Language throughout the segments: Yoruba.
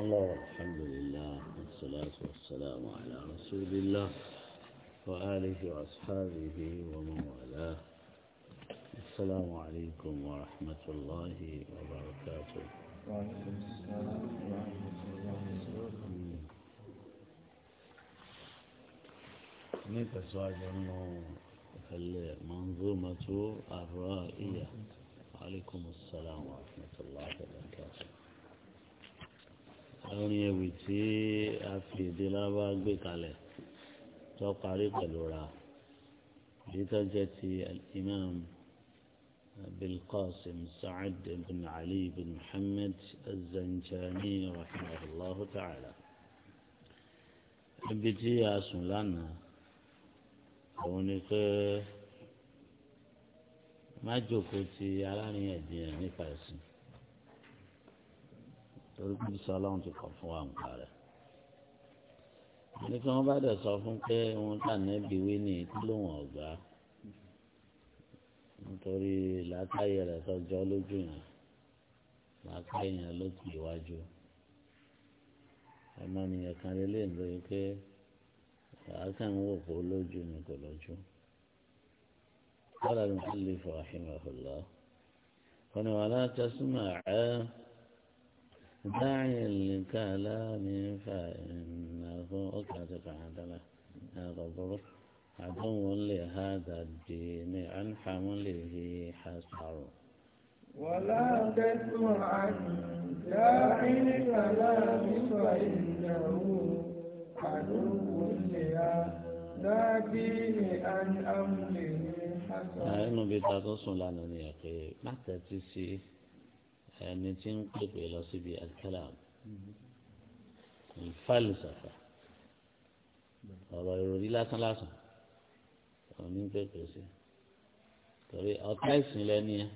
الله والحمد لله والصلاة والسلام على رسول الله وآله وأصحابه ومن والاه السلام عليكم ورحمة الله وبركاته وعليكم السلام ورحمة الله وبركاته نتسواج أنه المنظومة الرائية وعليكم السلام ورحمة الله وبركاته orin ewì tí a fi èdè bá gbé kalẹ̀ tó parí pẹ̀lú ra èyí tó jẹ́ ti imam بالقاسم qasim sa'ad ibn ali ibn الزنجاني azanjani الله ta'ala ibi tí a sùn lánàá òun ni pé má jókòó ti alárin ẹ̀dín ma joko ti nípa ẹ̀sìn torí kí sọ ọlọ́run ti kọ̀ fún wa nǹkan rẹ̀ ní kí wọ́n bá dẹ̀ sọ fún pé wọ́n tà níbi wí ní ìtúlòwọ̀n ọ̀gá nítorí làákàyè rẹ̀ sọjọ́ lójú yẹn làákàyè yẹn ló ti iwájú ọmọ nìyẹn kan lélẹ̀ ń lóye pé làákàyè ń wò pé lójú ni kò lójú. قال المؤلف رحمه الله قال ولا تسمع داعيا للكلام فإنه أكاد فعدله هذا الضبط عدو لهذا الدين عن حمله حسر ولا تسمع عن داعي الكلام فإنه عدو لهذا الدين عن أمره حسر. أنا بيتاتصل لأنني أقول ما تتسي يعني تنقلب إلى سبي الكلام الفلسفة والله يريد لا سن لا سن من تقسي تري أتيس لني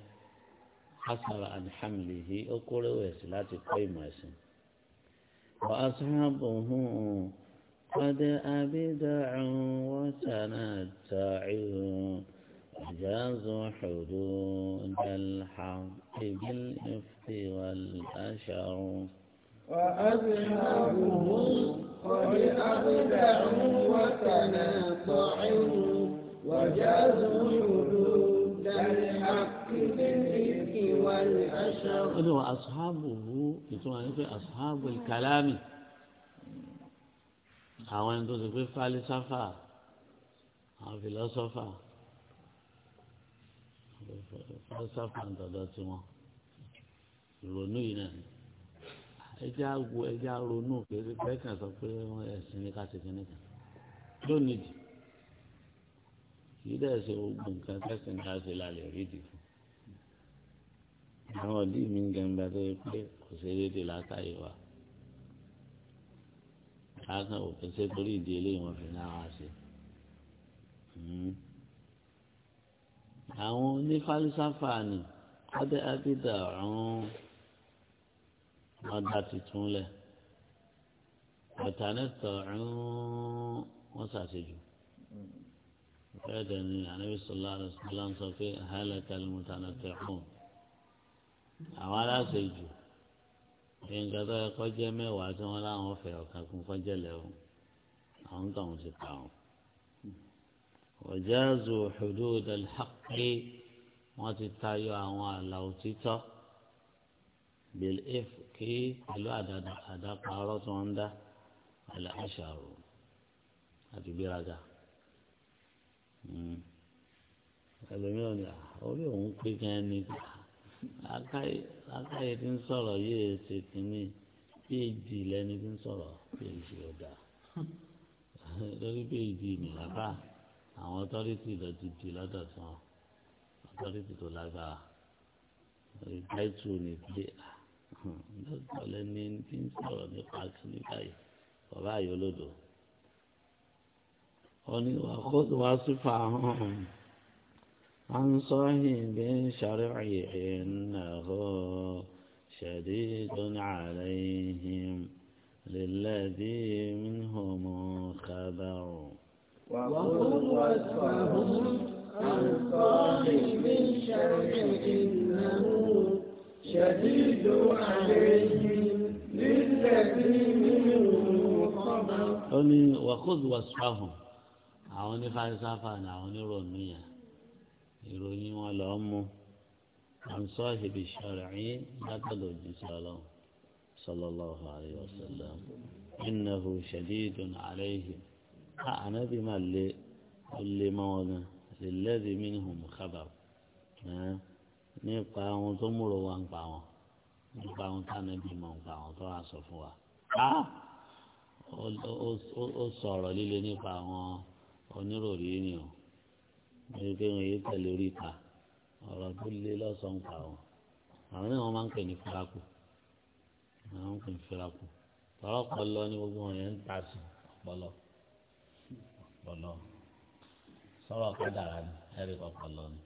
حصل عن حمله أقول ويسلات قيمة سن وأصحابه قد أبدع وتنتع أجاز حدود الحق بالإفاء والأشعر وأذهبهم قد أبدعوا وتناطعوا وجازوا حدود الحق بالإثم والأشر. إذا وأصحابه يسمى أصحاب الكلام àwọn ẹni tó ti pé falisafa àwọn filosofa falisafa ń dọ̀dọ̀ tiwọn ìrònú yìí náà ẹja wo ẹja ronú kẹkàn sọ pé ẹsìn ní káṣí kìíní kan lónìí dì kìí dẹ̀ ṣe gbogbo nǹkan kẹsìn ká ṣe lálẹ́ rí dì fún àwọn ọ̀dí mi ń gẹ̀ǹgbà tó yẹ pé kò ṣe déédé látàyè wa káàkàn òfin ṣe torí ìdí eléyìí wọn fi náà wá ṣe hmm. àwọn onífálísáfà ni adé abidà ọ̀hún wọ́n dá titun lẹ̀ ọ̀tánẹ́tọ̀ wọ́n ṣàṣejù fẹ́ẹ̀dẹ̀ ni anabi sọlá alẹ́sọ̀lá ń sọ pé hàlẹ́ kalimu tánẹ́tẹ̀ hàn àwọn aláṣejù nǹkan tó yẹ kọjá mẹ́wàá tí wọ́n láwọn fẹ́ ọ̀kan kún kọjá lẹ́wọ̀n àwọn tóun ti pa wọn. ọ̀jáàzù hudud al-haqqi wọ́n ti tayọ àwọn àlà òtítọ́. بالإف كي قالوا عدد عدد قارات عنده على عشر هذه biraga. ẹlòmíràn ni orí òun pé gan ni akáyè ti ń sọ̀rọ̀ yìí ṣe kínní péèjì lẹni ti ń sọ̀rọ̀ péèjì ọ̀dà lórí péèjì nìlábà àwọn ọtọ́rìtì lọ ti di lọ́dọ̀ tán ọtọ́rìtì tó lágbára ìgbà ni pé a. Hmm. lọ́sọ̀ lẹ́ni tí ń sọ̀rọ̀ nípa kìíní báyìí bàbá àyọlódò ọ̀ní wà sífà hàn án sọ́hìn bí ń ṣàríyì ìnáwó ṣẹ̀dídùn àlẹ́yìn lẹ́lẹ́dí mìíràn kábàrún. وقل وصفهم عن صاحب الشرع إنه شديد عليهم للذين منهم أني وخذ وصفهم àwọn ní fàlísàfà ni àwọn ní ròmíyà ìròyìn wọn lọ mú àǹsọ ìbí ṣàrẹ̀yìn látọ̀dọ̀ jíṣẹ́ ọlọ́run sallallahu alayhi wa sallam innahu shadidun alayhi a anabi ma le ó lé mọ́ wọn gan lè lẹ́bi minhum khabar nípa àwọn tó múrò wa ń pa wọn nípa àwọn táwọn ẹbí mọ̀ ń pa àwọn tó wá sọ fún wa. ó sọ̀rọ̀ líle nípa àwọn oníròrí ni o ní pé yé tẹ̀lé orí ta ọ̀rọ̀ tó lé lọ́sàn-án pa wọn. àwọn náà máa ń pè ní fúrakù àwọn ń pè ní fúrakù tọ́rọ̀ ọpọlọ ní gbogbo wọn yẹn ń ta sí ọpọlọ ọpọlọ sọ̀rọ̀ ọ̀kadà rà ní ẹ̀rí ọpọlọ ni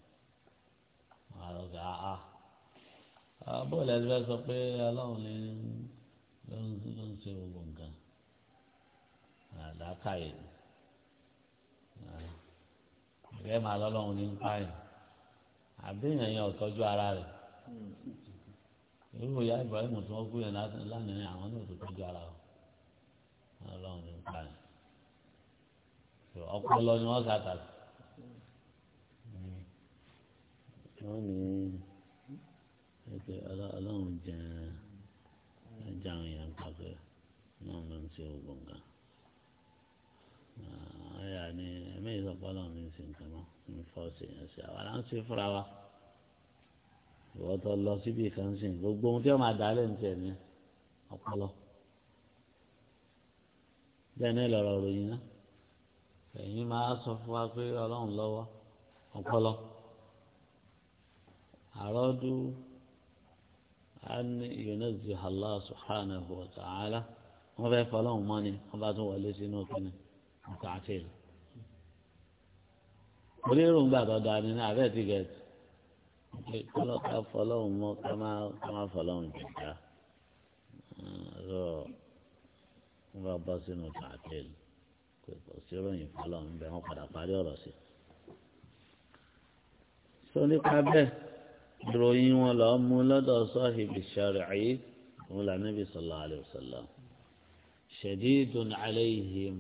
àrògà á bóòlù ẹni fẹ́ sọ pé ọlọ́run lè ló ń ṣe gbogbo nǹkan àdákàyè ìgbẹ́ máa lọ́lọ́run ní pààyàn àbíyàn yẹn ò tọ́jú ara rẹ̀ irú ìyá Ibrahim tí wọ́n kú yẹn lánàá àwọn náà tó tọ́jú ara wọn ọlọ́run ní pààyàn ọpọlọ ni wọ́n sàtàkì. wọ́n ni, ẹgbẹ́ ọlọ́run jẹ ẹja àwọn èèyàn pàpẹ́ náà ló ń ṣe oògùn nǹkan. àyà ni ẹ̀mẹ́yìí sọ pé ọlọ́run ní ṣe nǹkan mọ́ ní fọ́ọ̀sì yẹn sí àwa là ń ṣe fúnra wa. ìwọ́ tó lọ síbi kan sìn gbogbo ohun tí wọ́n máa dálé ní tiẹ̀ ní ọpọlọ. bẹ́ẹ̀ ni ìlọ̀rọ̀ ròyìn náà ẹ̀yin máa sọ fún wa pé ọlọ́run lọ́wọ́ ọpọlọ. أرادوا أن ينزه الله سبحانه وتعالى وما يفعلون ماني وما هو الذي نوكنا متعتيل وليرون بعد دانينا عبيتي قلت kọlọ ká fọlọ́hún mọ́ ká má ká má fọlọ́hún jìjà rọ wọn bá bọ́ sínú tààtẹ́lì pé kò sí ròyìn fọlọ́hún bẹ́ẹ̀ wọ́n padà parí ọ̀rọ̀ sí. sọ nípa bẹ́ẹ̀ ìròyìn wọn lọ mú lọ́dọ̀ sọ́hìbì ṣàrìí òun là níbi sọ̀lá àlùsọ̀lá ṣẹ̀dídùn àlẹ́yìn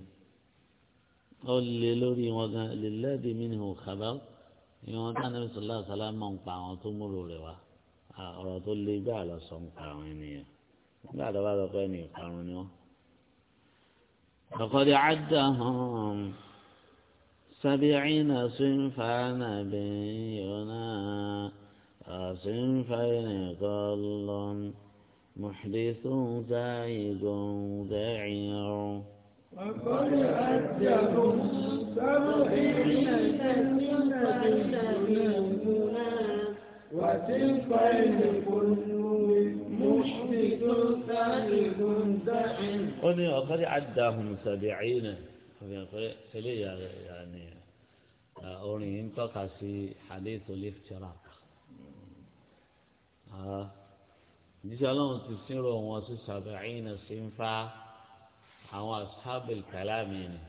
ó lé lórí wọn gan lèlẹ́dì mínú kàbá ni wọn ká níbi sọ̀lá àṣàlá mọ̀ ń pa àwọn tó múlò rẹ̀ wá ọ̀rọ̀ tó lé gbà lọ ń pa àwọn ènìyàn nígbà tó bá sọ pé ní ìparun ni wọn. ọ̀kọ́dé àdá hàn sábẹ́ àyínà sínú fàánà عاصم فإن قال محدث زايد ذعير وقد أجلوا سبعين وتلك محدث زايد ذعير قل وقد عداهم سبعين سبعين يعني آه، أولي انتقى في حديث الافتراق jíṣẹ́ ọlọ́run ti sínrò wọn sí sàbẹ̀yìn sí ń fa àwọn asábìl kàlámì ni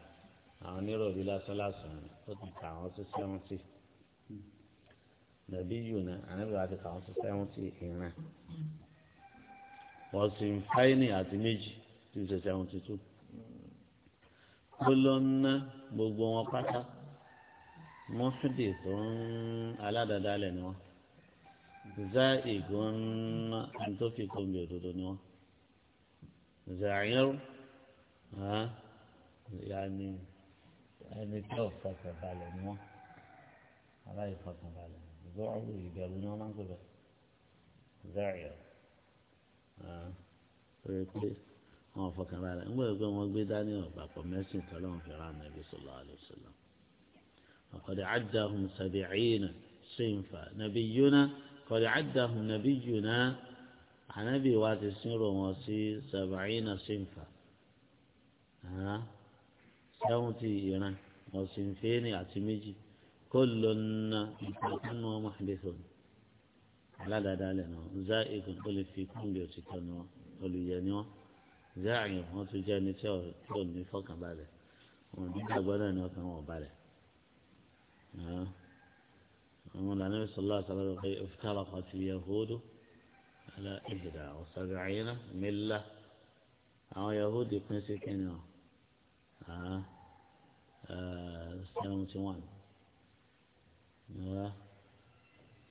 àwọn nírọ̀bí lásánlásán ni ó ti kà wọ́n sí sẹ́wọ́ntì nàbí yìí ni ànábì wa ti kà wọ́n sí sẹ́wọ́ntì ìran wọ́n sì ń àti méjì tí ó ṣe tó kólóńná gbogbo wọn pátá mọ́fídì tó ń aládàáda lẹ̀ ni wọ́n. زائق أن تفيكم بيوتوني زعير ها يعني يعني توفى كفالة مو على يفكر كفالة ضعوا يجابونا ما نقول زعير ها wọn fọkàn rárá ń wọ́n gbé wọn gbé dání ọ̀gbà pọ̀ mẹ́sìn tọ́lọ́run fi rán nàbí sọlá àlùsọ̀lá ọ̀kọ̀dẹ̀ àjàhùn sàbẹ̀ẹ́yìn náà ṣèǹfà nàbí yóná. قد عده نبينا عن أبي واتي سنر وموسي سبعين صنفا ها سمتي ينا وصنفين يعتمجي كل محدث ومحدث على دلالنا زائق قل في كل يوتكنا قل ينوى زاعم وتجاني سوى كل فقط بالك ونبقى بلنا كما بالك ها ومن النبي صلى الله عليه وسلم افترقت اليهود على إحدى وسبعين ملة أو يهود يكون سكين آه آه سلام آه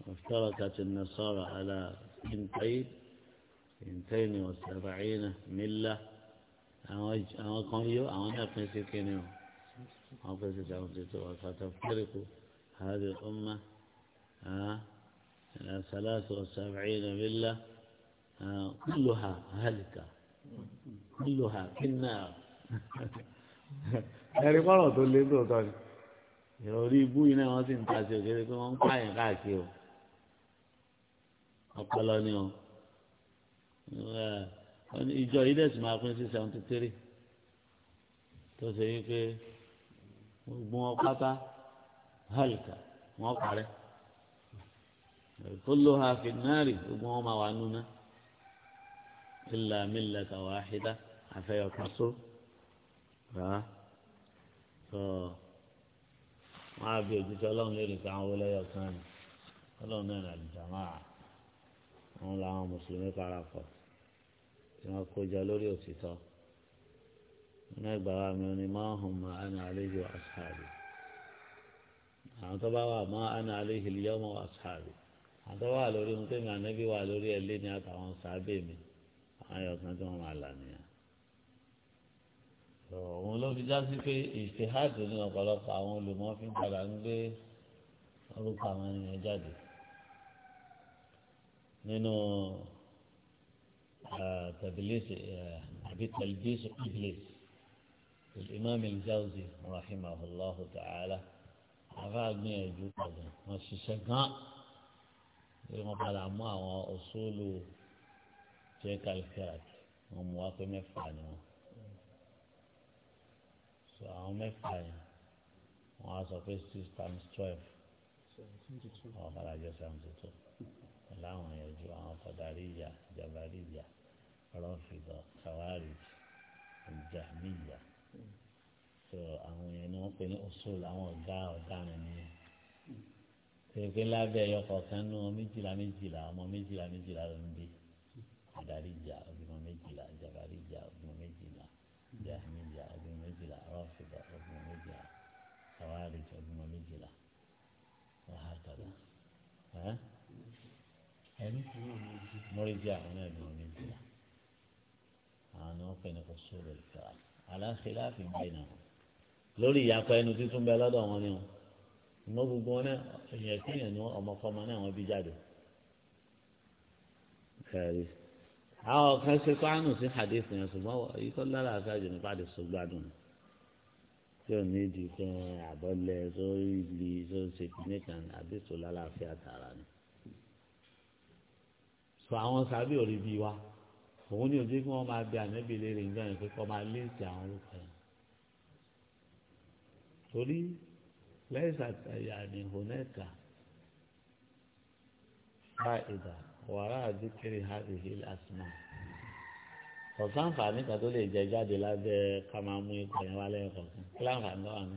وافترقت النصارى على سنتين سنتين وسبعين ملة أو أو قويو أو نفس سكين أو بس جاوب جتوا فتفترق هذه الأمة ها ثلاثة وسبعين ملة كلها هلكة كلها في النار ẹ̀rí pọ́nrọ̀ tó lé lóòótọ́ ni ìròrí ibú iná wọn sì ń ta sí òkèèrè pé wọ́n ń pààyàn káàkiri o ọpọlọ ni o ìjọ yìí dẹ̀sùn máa pín sí seventy three tó ṣe yí pé gbogbo wọn pátá hàlùkà wọn parẹ́ kulluha fi nari gbogbo wọn máa wà nuna illa millata wahida àfẹ́yọ̀ kan só rà á tó wọn á bí òjijì ọlọ́run lè rìn sí àwọn olóyè kan ní ọlọ́run náà nà jàmá àwọn làwọn mùsùlùmí parapọ̀ tí wọ́n kójọ lórí òtítọ́ nínú ẹgbàá wa mi ní máa hùn máa ẹnu àlejò àṣàbì àwọn tó bá wà máa ẹnu àlejò ìlú yọmọ àṣàbì àtọ́ wà lórí ohun tẹ́mi ànábì wà lórí ẹ̀ léni àtàwọn sábẹ́ mi ayọ̀ kan tí wọ́n máa là nìyẹn. òun ló fi já sí pé ìṣèhádùn ní ọ̀pọ̀lọpọ̀ àwọn olùmọ̀ fi padà ń gbé orúkọ àwọn ènìyàn jáde nínú tabilisi àbí tabilisi iblis الإمام الجوزي رحمه الله تعالى أفاد من يجوب هذا ما شجعنا pé wọ́n padà mú àwọn òṣòlù jẹ́kàlìkàt wọ́n mú wá pé mẹ́fà ni wọ́n so àwọn mẹ́fà yẹn wọ́n á sọ pé six times twelve àwọn padà jẹ́ seventy two pẹ̀lú àwọn yẹn ju àwọn kọ̀dáríyà jabaríyà rọ́fìdọ̀ kàwárì jàmíyà so àwọn yẹn ni wọ́n pè ní òṣòlù àwọn ọ̀gá ọ̀daràn nìyẹn tẹ̀gbẹ́ lábẹ́ ẹ̀yọ kọ̀ọ̀kan nú ọmọ méjìlá méjìlá ọmọ méjìlá méjìlá ló ń bí adarí ìjà ọbìmọ méjìlá jabari ìjà ọbìmọ méjìlá jahmi ìjà ọbìmọ méjìlá rọ́fìdà ọbìmọ méjìlá sawari ọbìmọ méjìlá wàhátàlá ẹni mọ́rìjà ọ̀nà ọbìmọ méjìlá àwọn ọ̀pẹ ní kò sóòrò ìfẹ́ àlàáfíà láti gbé náà lórí ìyàpẹ́ ẹnu títún bẹ lọ́dọ̀ wọn ni wọn ìmọ̀ gbogbo wọn náà èèyàn kéèyàn ni wọn ọmọkọ́mọ náà wọn bí jáde. kẹrì àwọn kan ṣe kánú sí hadith yẹn ṣùgbọ́n èyí tó lára àṣàjù nípa àdé sọgbádùn tí ò ní di pé àbọ̀lẹ̀ tó ìlì tó ṣe nìkan àbí tó lára àfi àtàrà ni. sọ àwọn sábẹ́ òrí bíi wa òun ni òjò kí wọ́n máa bẹ ànábì léèrè nígbà yẹn pé kọ́ máa léèkì àwọn orúkọ yẹn. torí ليس يعني هناك فائدة وراء ذكر هذه الأسماء ọ̀sán àǹfààní kan tó lè jẹ jáde lábẹ́ ká máa mú ikọ̀ yẹn wá lẹ́yìn kọ̀ọ̀kan kí láǹfààní náà ni.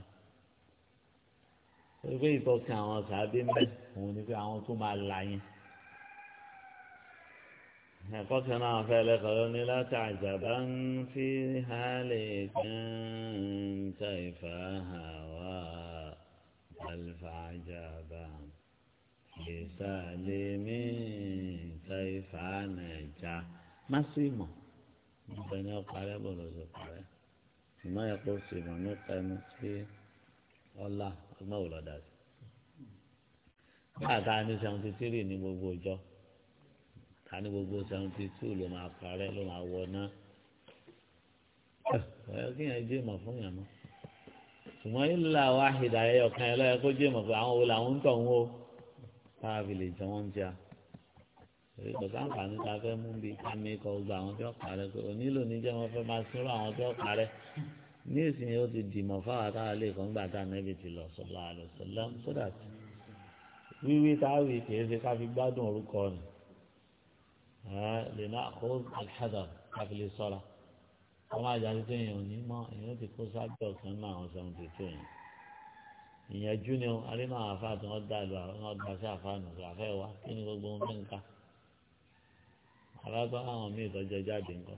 pé ìtọ́sí àwọn sàábé mẹ́ òun ni pé àwọn tó máa la yẹn. ẹ̀kọ́ kan náà fẹ́ lẹ́kọ̀ọ́ ló ní láti àjàbá ń fi hálẹ̀ kàn tàìfà hàwá. ألف عجبا في سالم كيف نجا ما سيما بني قريب ورزق قريب ما يقول سيما نقيم في والله المولى داس bá ta ni seventy three ní gbogbo ọjọ́ ta ni gbogbo seventy two ló máa parẹ́ ló máa wọ náà ẹ kí yẹn jẹ́ ìmọ̀ fún yàn náà ṣùgbọ́n ìlà wáhìdà ẹ̀yọ̀ kan ẹ̀ lọ́yẹ kó jẹ́ mọ̀ pé àwọn wo làwọn ń tọ̀ ń wò káàbì lè jẹ́ wọ́n ń jà èyí kò sáǹfààní ta fẹ́ mú bí àmì ikọ̀ gba àwọn tí wọ́n parẹ́ pé onílò ní jẹ́ wọ́n fẹ́ máa sínú àwọn tí wọ́n parẹ́ ní ìsinyìí ó ti dìmọ̀ fáwọn táwọn lè kàn gbà tá nẹ́bì ti lọ sọ́lá rẹ̀ sọ́lá sódà tí wíwí táwì kìí ṣe ká fi gbádùn orúkọ rẹ̀ lè ná àkóso àlhàdà ká sọ́ra àwọn àjàdí tó yẹn ò ní mọ èèyàn ti kó sábẹ́ ọ̀kan náà àwọn sọ̀rọ̀ ti tó yẹn ìyẹnjú ni arínà àfa tí wọ́n dá ìlú àwọn ọgbà sí àfa nù sọ àfẹ́ wa kí ni gbogbo ohun mẹ́ǹkà alágbá àwọn míì tọ́jọ́ jáde ńkọ́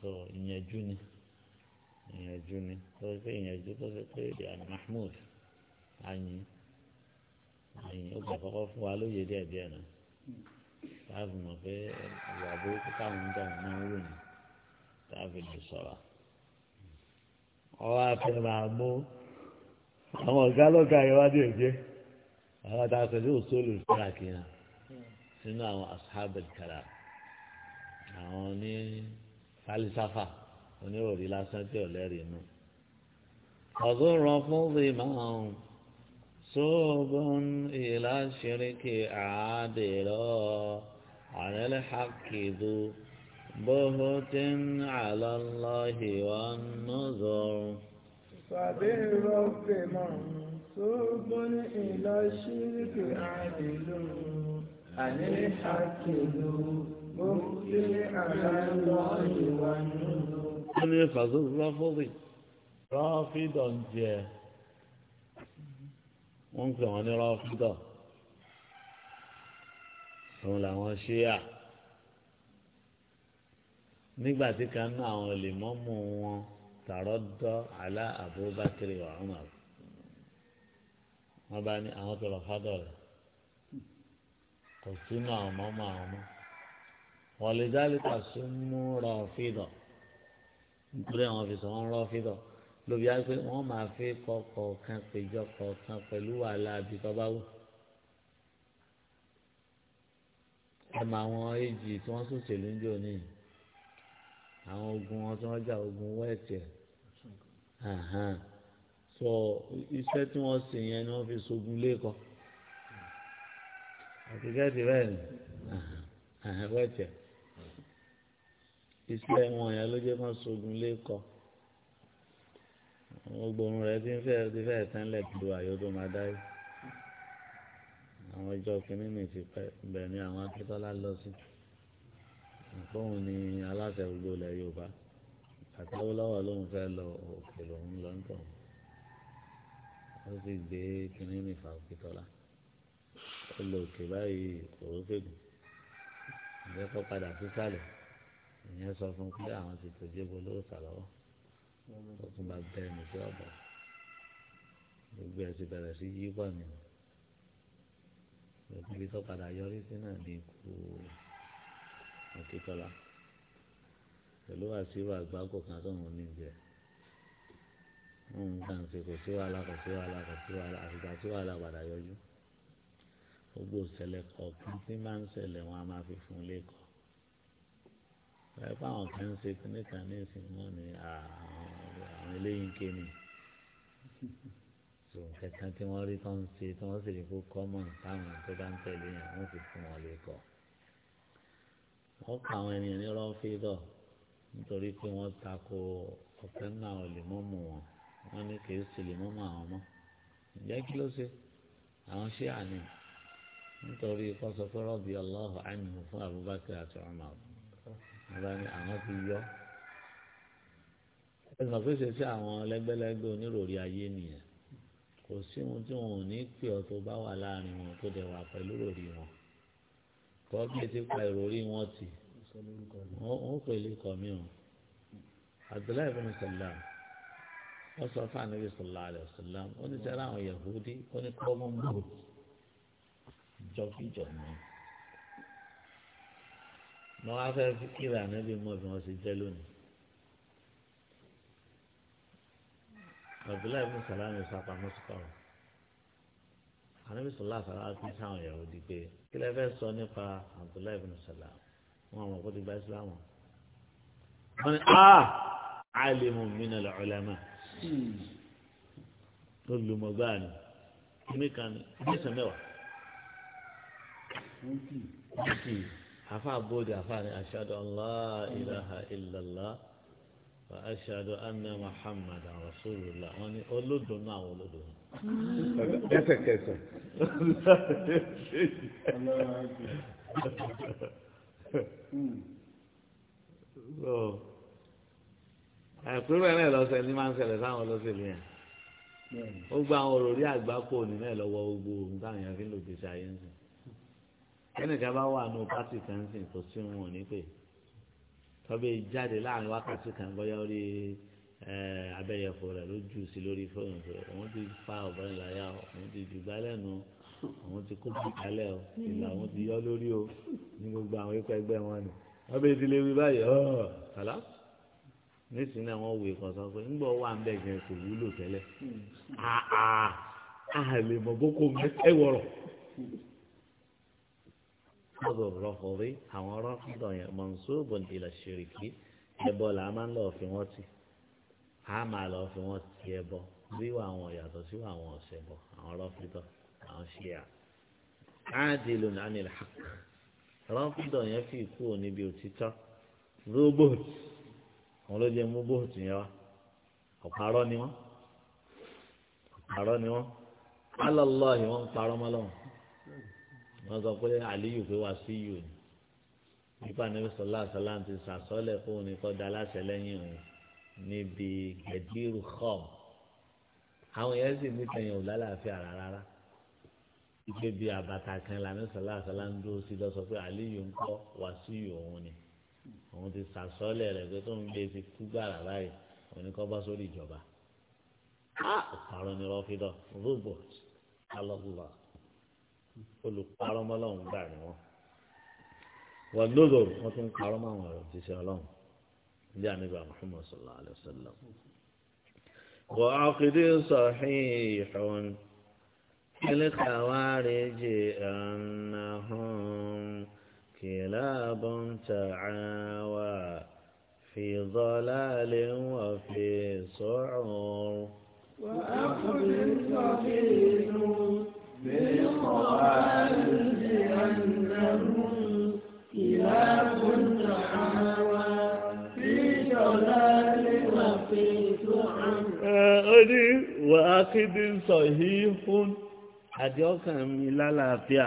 so ìyẹnjú ni ìyẹnjú ni tó ṣe ìyẹnjú tó ṣe pé èdè àná Mahmood ayin ayin ó gbà kọ́kọ́ fún wa lóye díẹ̀ díẹ̀ náà láàbù mọ̀ pé ìwà burúkú táwọn ń dàrú náà wò ní láàbù lè sọ̀rọ̀ ọwọ́ afẹ́ máa mú àwọn ọ̀gá lọ́gà yẹn wá ní àwọn àtàkùn ní òṣèlú ìfúrakì náà sínú àwọn asábẹ̀ kàrà àwọn ní falisafa oníròrí lásán tí ò lẹ́rìí nù. ọ̀gbọ́n rán fún ìmọ̀ àwọn. صوب إلى الشرك عادل على الحق ذو بهت على الله والنظر فبالرب منصوب إلى الشرك عادل عن الحق ذو بهت على الله والنظر أنا فضل رافضي رافضا جاه wọ́n ń pè wọ́n ní rọ́fídọ̀ òun làwọn ṣíyà nígbà tí kan náà àwọn lè mọ́mú wọn tààrọ́ dọ́ alá Abubakar ọ̀hún àbò wọ́n bá ní àwọn tó lọ fádọ̀ rẹ̀ kò sínú àwọn mọ́mú àwọn mọ́ wọ́n lè dálé sún mú rọ́fídọ̀ nítorí àwọn fi sọ wọ́n rọ́fídọ̀ lóbi á pé wọ́n máa fi kọ̀ọ̀kọ̀ kan péjọ kọ̀ọ̀kan pẹ̀lú wàhálà àbí tọ́ba wò. ẹ mọ àwọn èjì tí wọ́n ṣòṣèlú ń jò ní àwọn ogun wọn tí wọ́n jà ogun wẹ́ẹ̀tì ẹ̀ sọ iṣẹ́ tí wọ́n ṣe yẹn ni wọ́n fi ṣogun lẹ́kọ̀ọ́ àti bẹ́ẹ̀ ni wẹ́ẹ̀tì iṣẹ́ wọn yẹn ló jẹ́ kó ṣogun lẹ́kọ̀ọ́ gbogbo ohun rẹ̀ ti ń fẹ́ ti fẹ́ sẹ́ńlẹ̀ ju àyò tó máa dá yìí àwọn ìjọ kìíní mi ti pẹ́ bẹ́ẹ̀ ni àwọn akíntọ́lá lọ sí àpòhùn ni aláṣẹ gbogbo ilẹ̀ Yorùbá àtàwọn lọ́wọ́ lòun fẹ́ lọ òkè lòun lọ ń tọ̀ ó sì gbé kìíní mi fà òkìtọ́lá ó lọ òkè báyìí òrókègùn ìjẹ́kọ̀ padà sísàlẹ̀ ìyẹn sọ fún pé àwọn ti tòjé bo lóòótọ́ lọ́wọ́ ó tún máa bẹ ẹni tí ọ̀bọ gbogbo ẹ̀ ti bẹ̀rẹ̀ sí yí pọ̀ ni ibi tó padà yọrí sí náà ní ikú akíkọ́lá pẹ̀lú àṣírò àgbákò kan tó ń ní ìjẹ́ ń kàn sí kò sí wàhálà kò sí wàhálà kò sí wàhálà àfìgbà tí wàhálà padà yọjú gbogbo ìṣẹ̀lẹ̀ kọ̀ọ̀kan tí máa ń ṣẹlẹ̀ wọn a máa fi fún lẹ́kọ̀ọ́ ẹ báwọn kan ń ṣe kíní kan ní ìsìn wọn ni àwọn àwọn eléyìí ń ké mi so kẹ̀kẹ́ tí wọ́n rí tó ń ṣe tí wọ́n sì rí kó kọ́mọ̀ táwọn tó bá ń tẹ̀lé yẹn wọ́n sì fún wọn lè kọ́ wọ́n pa àwọn ènìyàn ní rọ́fídọ̀ nítorí pé wọ́n tako ọ̀pẹ́ náà ò lè wọn ní kì í sì lè àwọn mọ́ ǹjẹ́ kí ló ṣe àwọn ṣé àní nítorí kọ́sọ́fẹ́rọ́ bíi ọlọ́ọ̀hún àyìnbó fún Abubakar àti Umar àwọn ti yọ ẹsùn pé ṣe sí àwọn lẹ́gbẹ́lẹ́gbẹ́ oníròrí ayé nìyẹn kò sí ohun tí wọn ò ní pè ọ́ tó bá wà láàrin wọn tó dẹ̀ wà pẹ̀lú ròrí wọn kọ́ bí etí pa ìròrí wọn tì wọ́n pè lè kọ́ mi o Abdullahi bin Salam wọ́n sọ fún anabi sallallahu alayhi wa sallam ó ní sẹ́ra àwọn Yahudi ó ní kọ́ mọ́ mbò jọ́kíjọ́ náà mo wá fẹ́ fi kíra anabi mọ́ bí wọ́n ṣe jẹ́ lónìí. abdullahi bin salami sàpamọ́ sí kọ́rọ̀ anamisọlá sàrà fi sáwọn yàrá di pé kí lè fẹ́ sọ nípa abdullahi bin salami wọn àwọn kó ti gba islam wọn ni a ah, alimu min al-ulama olùmọ̀gbá ni kíníkà ni kíníkà mẹ́wàá afa abodi afa ni ashadu an ilaha illallah. وأشهد أن محمدا رسول الله أنا أولد ما أولد كيف كيف àìpérò ẹ̀ náà lọ́sẹ̀ ní máa ń ṣẹlẹ̀ sáwọn ọlọ́sẹ̀lẹ̀ yẹn ó gba àwọn òròrí àgbákò ní náà lọ́wọ́ gbogbo ohun táwọn èèyàn fi ń lò gbèsè ayé ń sìn kẹ́nìkan bá wà nù pátì kan kò sí wọn ò ní pè é tọ́bẹ̀ jáde láàrin wákàtí kan bọ́yá orí abẹ́yẹfò rẹ̀ ló jù sí lórí fóònù rẹ̀ òun ti fa ọ̀bọ̀n láyà òun ti dùgbà lẹ́nu òun ti kó bùkálẹ̀ o ìlà òun ti yọ lórí o ní gbogbo àwọn ikọ̀ ẹgbẹ́ wọn ni tọ́bẹ̀ ìdílé wí báyìí ọ̀ kàlá nísìnyí náà wọ́n wèé kan sọ pé ńgbọ́ wà ń bẹ̀ gan kò wúlò tẹ́lẹ̀ hmm. àà àà lè mọ̀ bókò mẹ́tẹ́wọ̀rọ̀ lọ́dọ̀ rọ́kọ̀wé àwọn rọ́kọ̀dọ̀ yẹn mọ̀nsóòbù ìlà ṣèrìkì ẹbọ là á máa ń lọ fi wọ́n ti á máa lọ fi wọ́n ti ẹbọ wíwá àwọn yàtọ̀ sí àwọn ọ̀sẹ̀ bọ̀ àwọn rọ́kọ̀dọ̀ àwọn ṣíà áàdìlù nàánìlà rọ́kọ̀dọ̀ yẹn fi kú níbi òtítọ́ robot àwọn ló jẹ́ mú bóòtù yẹn wá ọ̀pàrọ̀ ni wọ́n ọ̀pàrọ̀ ni wọ́n alọ́lọ́ọ̀hìn wọ́n ń parọ́ mọ́lọ́wọ́n wọ́n sọ pé aliyu pé wá sí yù ní nípa níbi sọlá sọlá ti sàsọ́lẹ̀ fóun ní kọ́ da aláṣẹ lẹ́yìn òun níbi gẹ̀dírù khom àwọn yẹn sì nítẹ̀yìn ò lálàáfíà rárá ìpè bíi àbàtà kan lànà sọlá sọlá ń dúró sí lọ sọ pé aliyu ń kọ́ wá sí yù òun ni òun ti sàsọ́lẹ̀ rẹ̀ pé tó ń gbé ti kú gbàrà báyìí òun ní kọ́ bá sórí ìjọba. a ò parọ́ ni rọ́fídọ̀ rúbọ̀t alọ́gbọ̀lọ́ olùparọ́ mọ́ lọ́hùn gbà ni wọ́n wọ́n lódò wọ́n tún parọ́ mọ́ àwọn ọ̀rọ̀ jíṣẹ́ ọlọ́hùn ilé àníbà Muhammad sallallahu alayhi wa sallam. wọ́n àkìdí sahihun الخوارج أنهم كلاب تعاوى في ضلال وفي سعور وأخذ صحيح بالقوارب أنهم إذا كنت حموا في صلاة وفي سعى وأخذ صحيح àdìọ́kàn mi lálàáfíà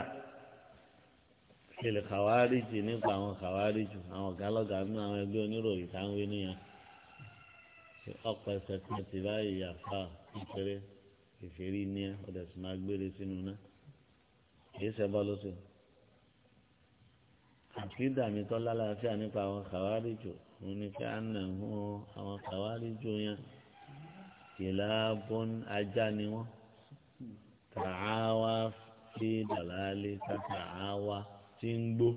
ìlú kàwáríjì nípa àwọn kàwáríjì àwọn ọ̀gá lọ́gà nínú àwọn ẹgbẹ́ oníròyìn táwọn ènìyàn ọ̀pọ̀ kan ti báyìí yàfa kékeré kẹfìrí ní ẹ ọdẹ sì máa gbére sínú náà èyí sẹbọ ló sè àkídà mi tọ́ lálàáfíà nípa àwọn kàwárìjò òun ni pé àna ń hàn àwọn kàwárìjò yẹn kìlá bọ́n ajá ni wọ́n tààwá fi dàlálé tààwá tí ń gbó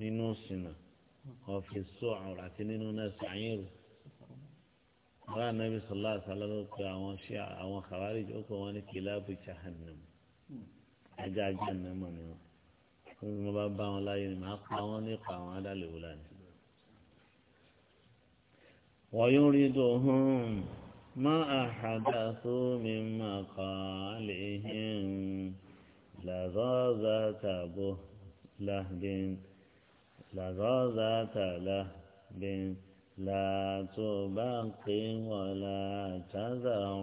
nínú sinà ọ̀fíìsì ọ̀rọ̀ àti nínú náà sàyẹ̀rù báyà nàbí sọlá àṣàlá ló pe àwọn ṣé àwọn kàwárí ó pè wọn ní kìláàbù jahannam ajá jahannam ni wọn fún mi bá bá wọn láyé ni màá pa wọn nípa àwọn adálèwò lánàá. wọ́n yóò rí dòhùn. ما أحدثوا من مقالهم لغازة به لهب لغازة لهب لا تبقي ولا تذر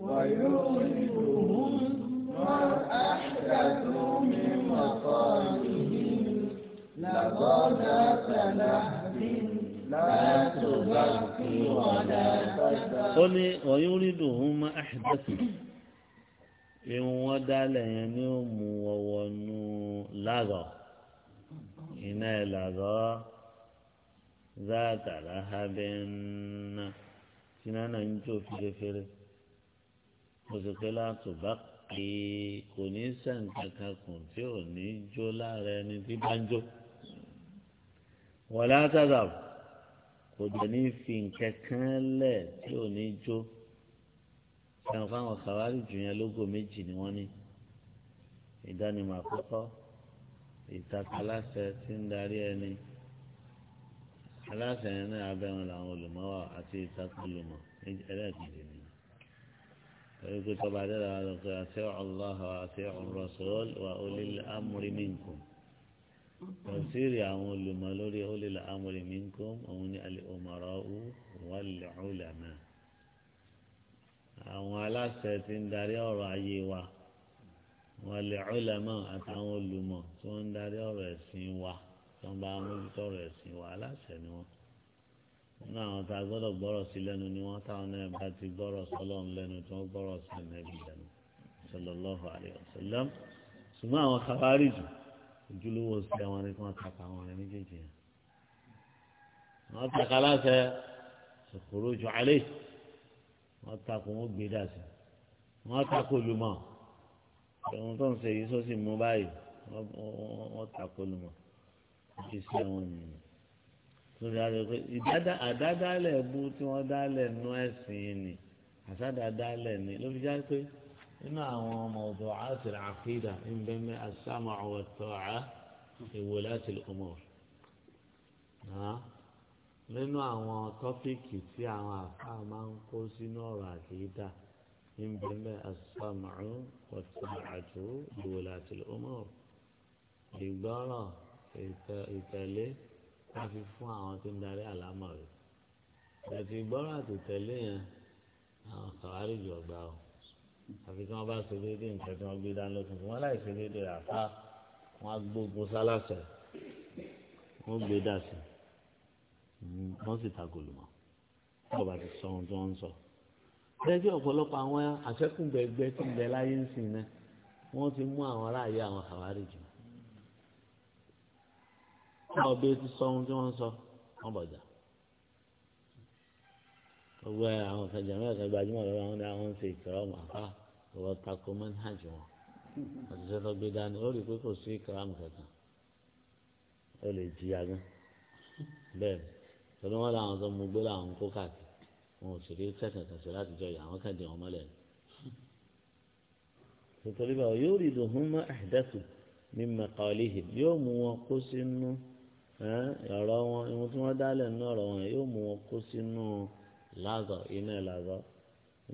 ويولدهم وأحدث من مقامهم لغادة لحد لا تبقي ولا تذر قل ويولدهم أحدث ìwọ̀n wọn dálẹ̀ yẹn ni ó mú wọ́wọ́ nù lágọ̀ọ́ iná ẹ̀ làgọ́ọ́ záàtà láhábẹ́ẹ́nà tí nánà ń jó fèrèfèrè mo sì pé láti bá pé kò ní sàn kankan kùn tí ò ní jó lára ẹni tí bá ń jó wọ́n látàdà kò dẹ̀ ní fi nǹkan kan lẹ̀ tí ò ní jó fáwọn kàwárí jù yẹn lógo méjì ni wọ́n ní ìdánimọ̀ àkọ́kọ́ ìtàkàlásẹ̀ tí ń darí ẹni aláṣẹ yẹn náà abẹ́rùn làwọn olùmọ́wà àti ìtakùlùmọ̀ ẹlẹ́ẹ̀kejì ni torí pé tọ́ba adẹ́rẹ́ wa lọ pé àti ọlọ́hà àti ọ̀rọ̀sọ́ọ́l wa olil amri minkum wọ́n sì rí àwọn olùmọ̀ lórí olil amri minkum òun ni al-umara'u wal-ulama àwọn aláṣẹ ti ń darí ọ̀rọ̀ ayé wa wal-ulama àtàwọn olùmọ̀ tí wọ́n ń darí ọ̀rọ̀ ẹ̀sìn wa tó ń bá mójútó ọ̀rọ̀ ẹ̀sìn wa aláṣẹ ni wọ́n nínú àwọn tá a gbọ́dọ̀ gbọ́rọ̀ sí lẹ́nu ni wọ́n táwọn náà bá ti gbọ́rọ̀ sọ́lọ́run lẹ́nu tí wọ́n gbọ́rọ̀ sí ẹ̀nẹ́bí lẹ́nu sallallahu alaihi wasallam ṣùgbọ́n àwọn kàwárí jù ojúlówó sí àwọn ní kí wọ́n tàpá àwọn rẹ̀ méjèèjì yẹn wọ́n tàkà láṣẹ ṣòkòrò jù alẹ́ wọ́n takò wọ́n gbé dà sí wọ́n takò lùmọ̀ ohun tó ń ṣe yìí sọ́sì mú báyìí wọ́n takò lùmọ̀ iṣẹ́ wọn nìyẹn lórí àdàpé àdádálẹ̀ bú tí wọ́n dálẹ̀ nú ẹ̀sìn yìí ni àsádàdálẹ̀ ni ló fi já pé nínú àwọn ọmọ ọ̀dọ̀ àṣírí àkídà ń bẹ́ mẹ́ àṣàmà ọ̀wọ̀tọ̀ à èwo láti ọmọ nínú àwọn tọ́píìkì tí àwọn àfa máa ń kó sínú ọ̀rọ̀ àkídà ń bẹ́ mẹ́ àṣàmà ọ̀wọ̀tọ̀ àjò èwo láti ọmọ ìgbọ́ràn ìtẹ̀lé láti fún àwọn tí ń darí àlámọ̀ rẹ̀ ẹ̀tì ìgbọ́ràn àti ìtẹ̀lé yẹn àwọn kàwárí jù ọgbà o àfi tí wọ́n bá ṣe déédéé nǹkan tí wọ́n gbé dání lókun fún wọn láì ṣe déédéé àfa wọn á gbógun sálàṣẹ wọn gbé dà sí wọn sì ta gòlùmọ̀ wọn bá ti sọ ohun tí wọ́n ń sọ lẹ́jọ́ ọ̀pọ̀lọpọ̀ àwọn àṣẹ́kùnbẹ̀gbẹ́ tí ń bẹ láyé ń sìn náà wọ́n ti mú àwọn aráàyè àwọn kàwárí jù wọn ọbẹ ti sọ ohun tí wọn sọ wọn bọjà gbogbo ẹ àwọn ìfẹjọ mẹ́rin kan gbajúmọ̀ lọ́wọ́ àwọn ní àwọn ń ṣe ìkẹrọ ọmọ àfa ìwọ tako mẹnhàjì wọn àtúnṣe tó gbé dání ó rí i pé kò sí ìkẹrọ àmì kankan ó lè jìyà gan bẹ́ẹ̀ tọdún wọn làwọn tó mú gbé làwọn kó káàkiri wọn ò sì rí sẹsìn kan láti jọ yà wọn wọn mọ́lẹ̀ ni. nítorí yóò rí ìdùnnú mọ àdásù ní mẹkàlíhìn yóò mú wọn kó sínú ọ̀rọ̀ wọn ìwọ̀n tí wọ́n dálẹ̀ nínú ọ̀rọ̀ wọn yóò mú wọn kó sínú làgọ̀ iná làgọ̀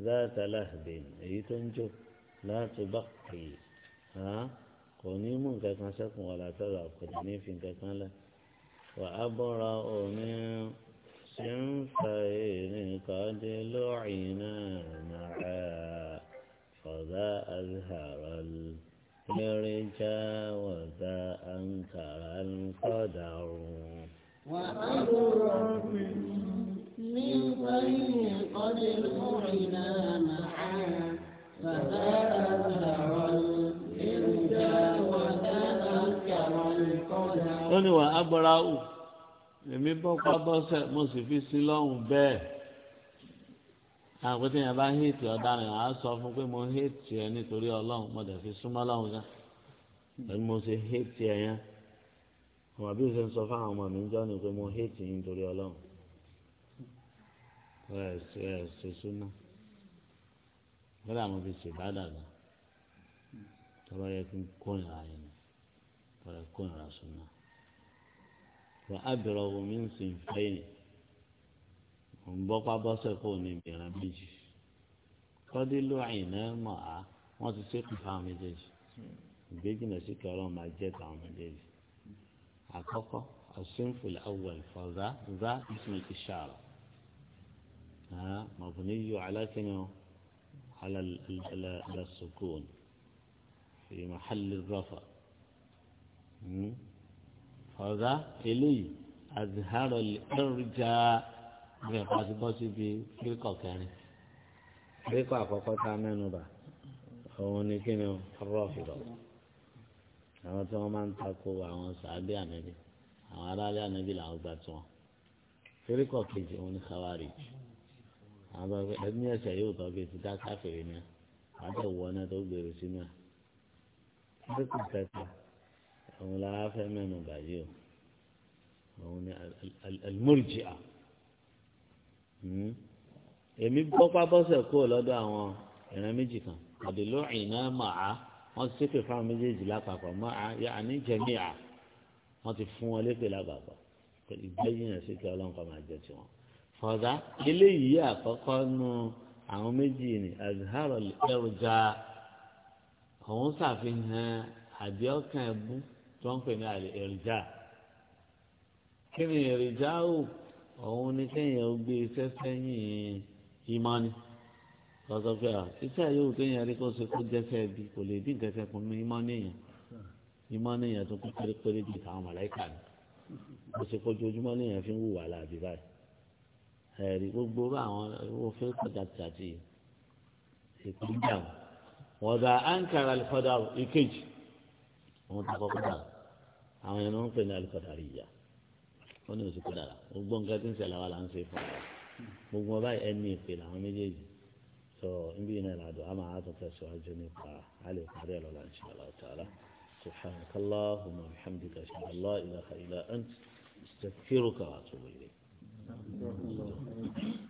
zaata lahbin èyí tó ń jò láti bá pè é kò ní mú nǹkan kan sẹ́kùn wà látọ̀rọ̀ àkọ́dé ní fi nǹkan kan lẹ̀ wà á bọ́ra òní ṣe ń fa èrè kọ́dé lóòrìn náà máa fọ̀dá azharal. لرجاوز أنكر القدر وأمر من خير قد أعنا معا ó ní wà á gbọ́ra ù èmi bọ́ pa bọ́sẹ̀ mo sì fi sin àpótí yẹn bá héètì ọ̀daràn á sọ fún pé mo héètì ẹ nítorí ọlọ́run mo dẹ̀ fi súnmọ́ ọlọ́run gan pẹ̀lú mo ṣe héètì ẹ yẹn àwọn àbí ṣe ń sọ fáwọn ọmọ mi jọ́ ni pé mo héètì yín nítorí ọlọ́run ẹ ẹ ṣe súnmọ́ kódà mo fi ṣèbádà gan tọ́lá yẹ kí n kórìíra yẹn kódà kórìíra súnmọ́ wà á bẹ̀rẹ̀ ọ̀hún mi ń sìn fẹ́yìn kò ń bọ́pá bọ́sẹ̀ kò ní ìbẹ̀rẹ̀ méjì kọ́dí ló àyìnlẹ́ mọ̀ á wọ́n ti ṣépè fáwọn méjèèjì ìgbéjìnà sí kí ọlọ́run máa jẹ́ táwọn méjèèjì àkọ́kọ́ asinful awwal fọ̀zá zá ismail ishara mọ̀bùnìyù alákínú alásùkúùn fi mahali rafa hmm? fọ̀zá eléyìí azharo ẹrù bẹ́ẹ̀ bá ti bọ́ síbi kíríkọ̀ kẹrin kíríkọ̀ àkọ́kọ́ tá a mẹ́nu bà òun ni kí ni rọ́ọ̀fì lọ àwọn tí wọ́n máa ń takò àwọn sàábì ànábì àwọn aráàlú ànábì làwọn gbà tí wọ́n kíríkọ̀ kejì òun ni kawari àwọn ẹni ẹsẹ̀ yóò tọ́ bí ti dá káfíìrì ni àti ìwọ náà tó gbèrú sí náà kíríkọ̀ kẹta òun làwọn afẹ́ mẹ́nu bà yìí o òun ni alimọ́rìjìá. Hmm. èmi gbọ́ pábọ́sẹ̀ kúrò lọ́dọ̀ àwọn ìran méjì kan àdèló ìná màá wọ́n ti ṣépè fáwọn méjèèjì lápapọ̀ máa yà á ní jẹ̀mí à wọ́n ti fún wọn lépè lápapọ̀ ìgbẹ́yìn ẹ̀sìn kí ọlọ́run kan máa jẹ tiwọn. fọ̀dà eléyìí àkọ́kọ́ nu àwọn méjì ni azhar ẹrùjà òun ṣàfihàn àdéhùn kan tí wọ́n pè ní ẹrùjà kí ni ẹrùjà òkú òun ni kéèyàn ó gbé iṣẹ́ sẹ́yìn ìmánì lọ́sọ̀ pé à iṣẹ́ yòówù kéèyàn rí kó ṣe kó jẹ́sẹ̀ bí kò lè dín kẹsẹ̀ kún ní ìmánì èèyàn ìmánì èèyàn tó kún pérépéré bíi tàwọn mọ̀láìkà ni kó ṣe kó jojúmọ́ lèèyàn fi ń wùwà láàbí báyìí ẹ̀rí gbogbo àwọn owó fẹ́ pàtàkì ìpínlẹ̀ wọ́n dà ánkàrà àlùfọ́dà ìkejì wọ́n ti kọ́kọ́ dà àwọn yẹn ń pè ní àlùfọ́dà rí ìyá. wọ́n ní oṣù kúdàrà gbogbo nǹkan tí ń ṣẹlẹ̀ wa là ń ṣe fún ọ gbogbo ọba ẹni ìpè làwọn méjèèjì sọ níbí iná ìlàdọ̀ a máa tún tẹ̀síwájú nípa alẹ́ lè parí ẹ̀ lọ́la ṣe Allah ta'ala subhanaka Allahumma wa bihamdika ashhadu an la ilaha illa ant astaghfiruka wa atubu ilayk